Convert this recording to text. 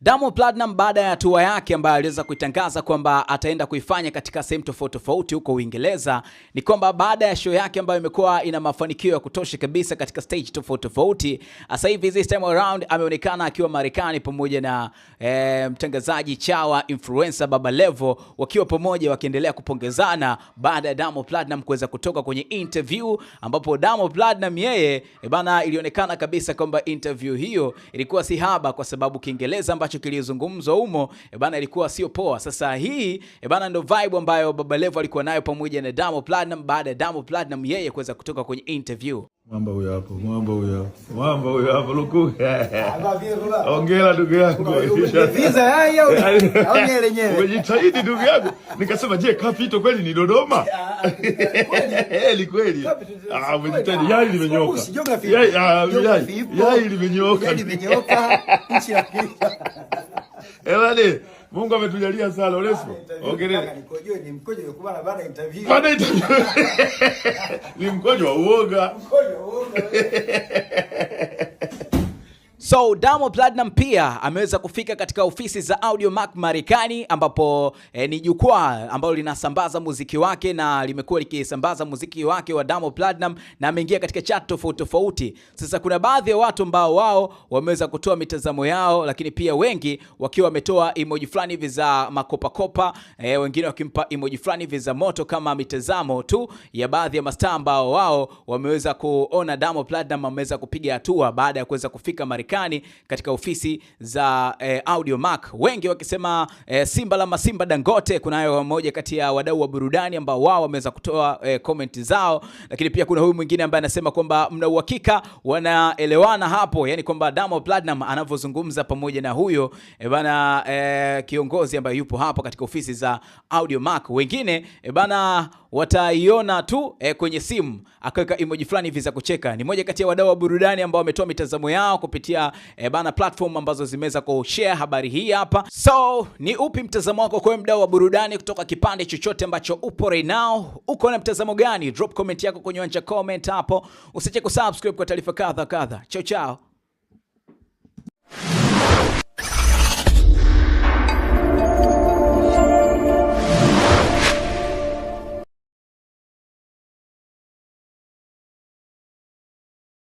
Diamond Platnumz baada ya hatua yake ambayo aliweza kuitangaza kwamba ataenda kuifanya katika sehemu tofauti tofauti huko Uingereza ni kwamba baada ya show yake ambayo imekuwa ina mafanikio ya kutosha kabisa katika stage tofauti tofauti, sasa hivi this time around ameonekana akiwa Marekani pamoja na e, mtangazaji chawa influencer Baba Levo wakiwa pamoja wakiendelea kupongezana baada ya Diamond Platnumz kuweza kutoka kwenye interview, ambapo Diamond Platnumz yeye eh, bana, ilionekana kabisa kwamba interview hiyo ilikuwa si haba kwa sababu Kiingereza ambacho kilizungumzwa humo e bana, ilikuwa sio poa. Sasa hii e bana, ndo vibe ambayo Baba Levo alikuwa nayo pamoja na Diamond Platnumz baada ya Diamond Platnumz yeye kuweza kutoka kwenye interview. Mwamba huyo hapo, mwamba huyo hapo, mwamba huyo hapo luku. Ongea ndugu yangu. Visa haya au ni lenyewe? Umejitahidi ndugu yangu. Nikasema je, kapito kweli ni Dodoma? Ah, ah, kweli kweli. Ah, umejitahidi. Ah, yai limenyoka. Yai ah, yai. Yai limenyoka. Yai Limenyoka. Nchi ya Kenya. Eh, Mungu ametujalia sana Onesmo. Ah, Ongereni. Ni mkojo wa uoga. Mkojo wa uoga. So Diamond Platnumz pia ameweza kufika katika ofisi za Audio Mac Marekani, ambapo eh, ni jukwaa ambalo linasambaza muziki wake na limekuwa likisambaza muziki wake wa Diamond Platnumz, na ameingia katika chat tofauti tofauti. Sasa kuna baadhi ya watu ambao wao wameweza kutoa mitazamo yao, lakini pia wengi wakiwa wametoa emoji fulani hivi za makopa kopa, eh, wengine wakimpa emoji fulani hivi za moto, kama mitazamo tu ya baadhi ya mastaa ambao wao wameweza kuona Diamond Platnumz ameweza kupiga hatua baada ya kuweza kufika Marekani. Marekani katika ofisi za eh, Audio Mark. wengi wakisema e, Simba la Masimba Dangote. Kunayo mmoja kati ya wadau wa burudani ambao wao wameweza kutoa e, comment zao, lakini pia kuna huyu mwingine ambaye anasema kwamba mna uhakika wanaelewana hapo, yani kwamba Diamond Platnumz anavyozungumza pamoja na huyo e, bana e, kiongozi ambaye yupo hapo katika ofisi za Mark. Wengine e, bana wataiona tu eh, kwenye simu akaweka emoji fulani hivi za kucheka. Ni moja kati ya wadau wa burudani ambao wametoa mitazamo yao kupitia eh, bana platform ambazo zimeweza kushare habari hii hapa. So ni upi mtazamo wako kwa mdau wa burudani kutoka kipande chochote ambacho upo right now? Uko na mtazamo gani? Drop comment yako kwenye uwanja comment hapo. Usiache kusubscribe kwa taarifa kadha kadha. Chao chao.